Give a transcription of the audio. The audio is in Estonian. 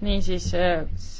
niisiis äh,